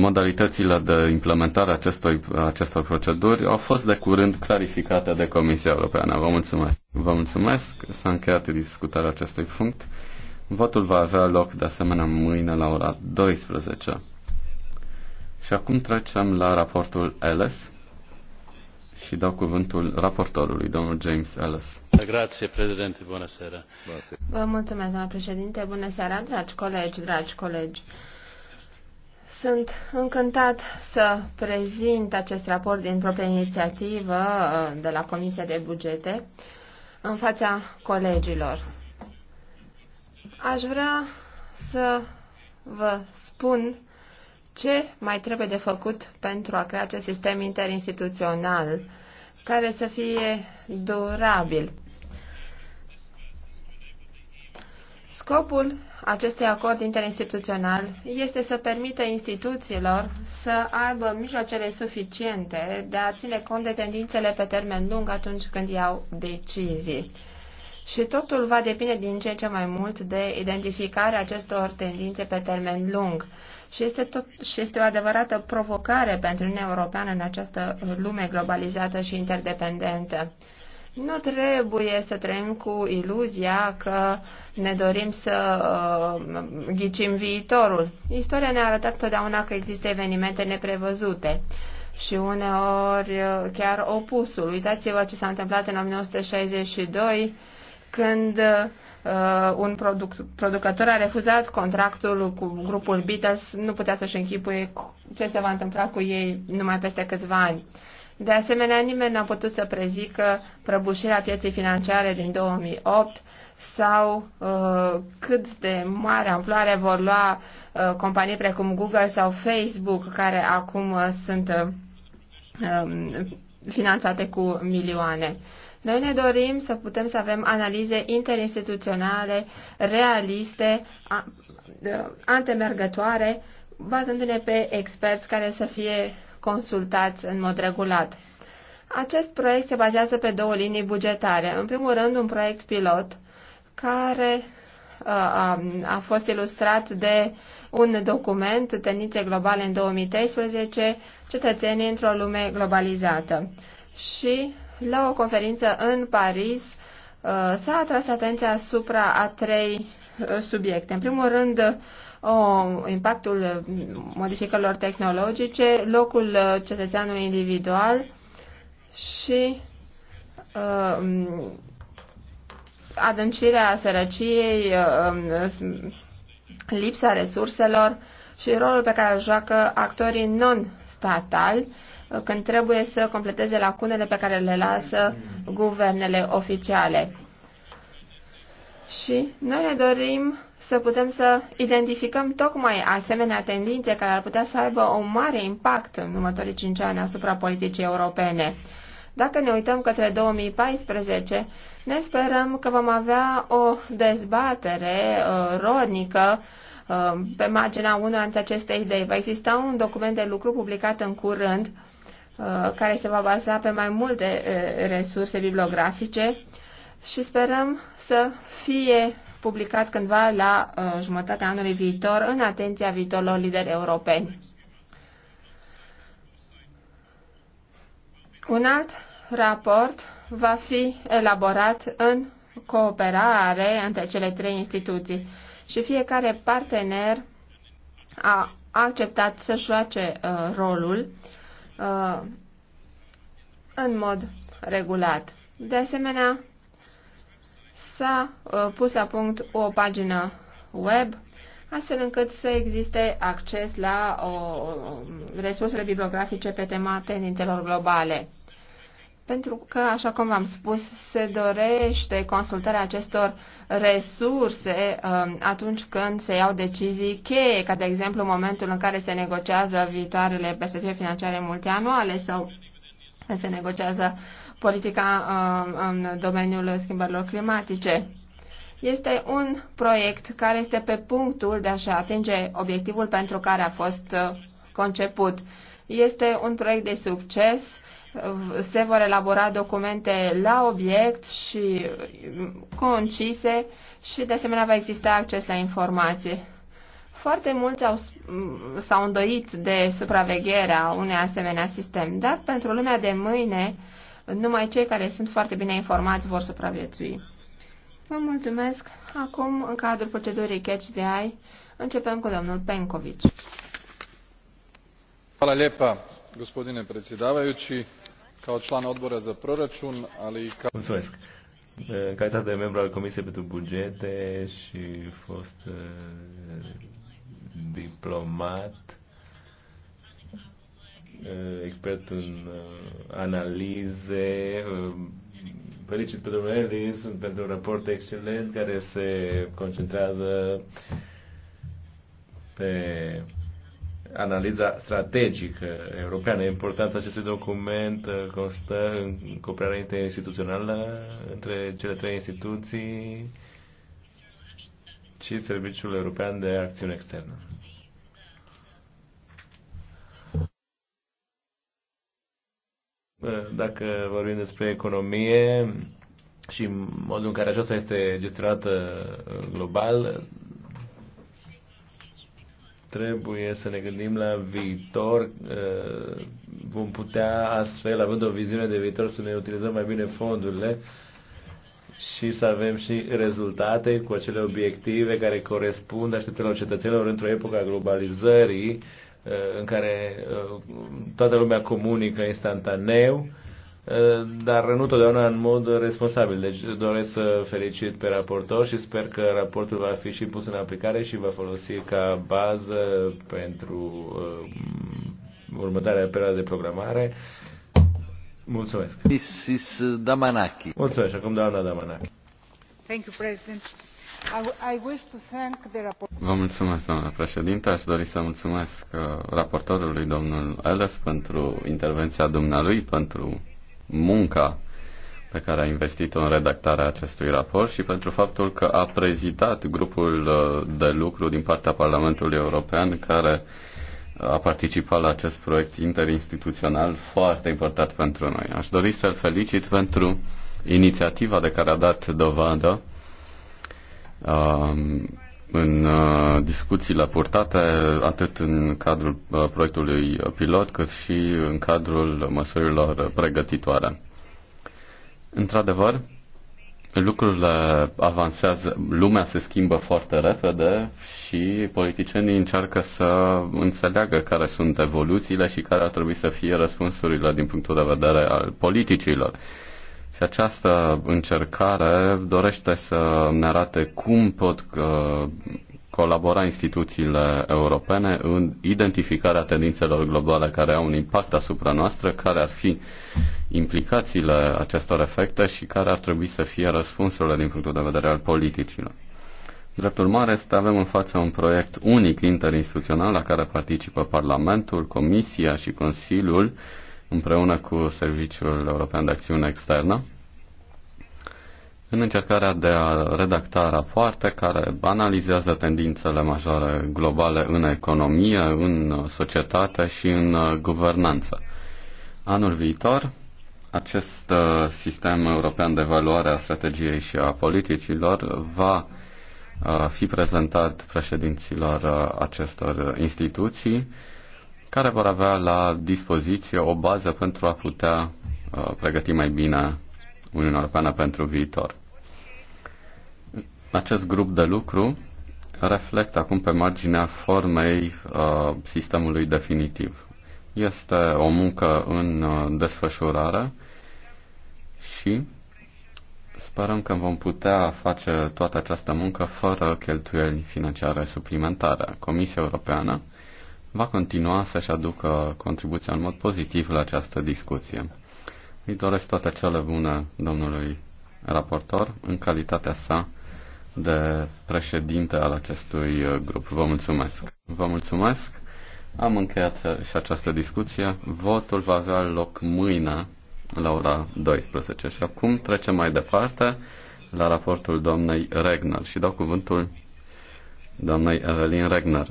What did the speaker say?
Modalitățile de implementare acestor, acestor proceduri au fost de curând clarificate de Comisia Europeană. Vă mulțumesc. Vă mulțumesc. S-a încheiat discutarea acestui punct. Votul va avea loc de asemenea mâine la ora 12. Și acum trecem la raportul Ellis și dau cuvântul raportorului, domnul James Ellis. Grație, președinte, bună seara. Vă mulțumesc, doamna președinte, bună seara, dragi colegi, dragi colegi. Sunt încântat să prezint acest raport din proprie inițiativă uh, de la Comisia de Bugete în fața colegilor. Aș vrea să vă spun ce mai trebuie de făcut pentru a crea acest sistem interinstituțional care să fie durabil. Scopul acestui acord interinstituțional este să permită instituțiilor să aibă mijloacele suficiente de a ține cont de tendințele pe termen lung atunci când iau decizii. Și totul va depinde din ce în ce mai mult de identificarea acestor tendințe pe termen lung. Și este, tot, și este o adevărată provocare pentru Uniunea Europeană în această lume globalizată și interdependentă. Nu trebuie să trăim cu iluzia că ne dorim să uh, ghicim viitorul. Istoria ne-a arătat totdeauna că există evenimente neprevăzute și uneori uh, chiar opusul. Uitați-vă ce s-a întâmplat în 1962 când uh, un produc- producător a refuzat contractul cu grupul Beatles, nu putea să-și închipuie ce se va întâmpla cu ei numai peste câțiva ani. Uh, de asemenea, nimeni n-a putut să prezică prăbușirea pieței financiare din 2008 sau uh, cât de mare amploare vor lua uh, companii precum Google sau Facebook, care acum uh, sunt uh, finanțate cu milioane. Noi ne dorim să putem să avem analize interinstituționale, realiste, uh, antemergătoare, bazându-ne pe experți care să fie consultați în mod regulat. Acest proiect se bazează pe două linii bugetare. În primul rând, un proiect pilot care uh, um, a fost ilustrat de un document, Tendințe globale în 2013, cetățenii într-o lume globalizată. Și la o conferință în Paris uh, s-a atras atenția asupra a trei uh, subiecte. În primul rând, o, impactul mm, modificărilor tehnologice, locul uh, cetățeanului individual și uh, mm, adâncirea sărăciei, uh, um, lipsa resurselor și rolul pe care îl joacă actorii non-statali uh, când trebuie să completeze lacunele pe care le lasă guvernele oficiale. Și noi ne dorim să putem să identificăm tocmai asemenea tendințe care ar putea să aibă un mare impact în următorii 5 ani asupra politicii europene. Dacă ne uităm către 2014, ne sperăm că vom avea o dezbatere uh, rodnică uh, pe marginea unor dintre aceste idei. Va exista un document de lucru publicat în curând uh, care se va baza pe mai multe uh, resurse bibliografice și sperăm să fie publicat cândva la uh, jumătatea anului viitor în atenția viitorilor lideri europeni. Un alt raport va fi elaborat în cooperare între cele trei instituții și fiecare partener a acceptat să joace uh, rolul uh, în mod regulat. De asemenea, s-a uh, pus la punct o pagină web astfel încât să existe acces la o, resursele bibliografice pe tema tendințelor globale. Pentru că, așa cum v-am spus, se dorește consultarea acestor resurse um, atunci când se iau decizii cheie, ca de exemplu momentul în care se negociază viitoarele perspective financiare multianuale sau se negociază uh, politica uh, în domeniul schimbărilor climatice. Este un proiect care este pe punctul de a-și atinge obiectivul pentru care a fost uh, conceput. Este un proiect de succes, se vor elabora documente la obiect și uh, concise și de asemenea va exista acces la informații. Foarte mulți au, mm, s-au îndoit de supravegherea unei asemenea sistem, dar pentru lumea de mâine numai cei care sunt foarte bine informați vor supraviețui. Vă mulțumesc. Acum, în cadrul procedurii Catch de ai, începem cu domnul Penkovic. Hvala lijepa, gospodine predsjedavajući. Kao član odbora za proračun, ali i kao... Mulțumesc. În calitate de membru al Comisiei pentru Bugete și fost eh, diplomat, Uh, expert în uh, analize. Uh, felicit pe domnul Ellis pentru un raport excelent care se concentrează pe analiza strategică europeană. Importanța acestui document constă în cooperarea interinstituțională între cele trei instituții și Serviciul European de Acțiune Externă. Dacă vorbim despre economie și modul în care aceasta este gestionată global, trebuie să ne gândim la viitor. Vom putea astfel, având o viziune de viitor, să ne utilizăm mai bine fondurile și să avem și rezultate cu acele obiective care corespund așteptărilor cetățenilor într-o epoca globalizării Eh, în care eh, toată lumea comunică instantaneu, eh, dar nu totdeauna în mod responsabil. Deci doresc să felicit pe raportor și sper că raportul va fi și pus în aplicare și va folosi ca bază pentru următoarea perioadă de programare. Mulțumesc. Mrs. Damanaki. Mulțumesc. Acum doamna Damanaki. Thank you, President. Vă mulțumesc, doamnă președinte. Aș dori să mulțumesc uh, raportorului, domnul Ellis, pentru intervenția dumnealui, pentru munca pe care a investit-o în redactarea acestui raport și pentru faptul că a prezidat grupul uh, de lucru din partea Parlamentului European care uh, a participat la acest proiect interinstituțional foarte important pentru noi. Aș dori să-l felicit pentru inițiativa de care a dat dovadă Um, în uh, discuțiile purtate atât în cadrul uh, proiectului pilot cât și în cadrul măsurilor pregătitoare. Într-adevăr, lucrurile avansează, lumea se schimbă foarte repede și politicienii încearcă să înțeleagă care sunt evoluțiile și care ar trebui să fie răspunsurile din punctul de vedere al politicilor. Și această încercare dorește să ne arate cum pot uh, colabora instituțiile europene în identificarea tendințelor globale care au un impact asupra noastră, care ar fi implicațiile acestor efecte și care ar trebui să fie răspunsurile din punctul de vedere al politicilor. Drept urmare, este avem în față un proiect unic interinstituțional la care participă Parlamentul, Comisia și Consiliul, împreună cu Serviciul European de Acțiune Externă în încercarea de a redacta rapoarte care analizează tendințele majore globale în economie, în societate și în guvernanță. Anul viitor, acest uh, sistem european de evaluare a strategiei și a politicilor va uh, fi prezentat președinților uh, acestor instituții care vor avea la dispoziție o bază pentru a putea uh, pregăti mai bine Uniunea Europeană pentru viitor. Acest grup de lucru reflectă acum pe marginea formei uh, sistemului definitiv. Este o muncă în uh, desfășurare și sperăm că vom putea face toată această muncă fără cheltuieli financiare suplimentare. Comisia Europeană va continua să-și aducă contribuția în mod pozitiv la această discuție. Îi doresc toate cele bune domnului raportor în calitatea sa de președinte al acestui grup. Vă mulțumesc! Vă mulțumesc! Am încheiat și această discuție. Votul va avea loc mâine la ora 12. Și acum trecem mai departe la raportul doamnei Regner și dau cuvântul doamnei Evelyn Regner.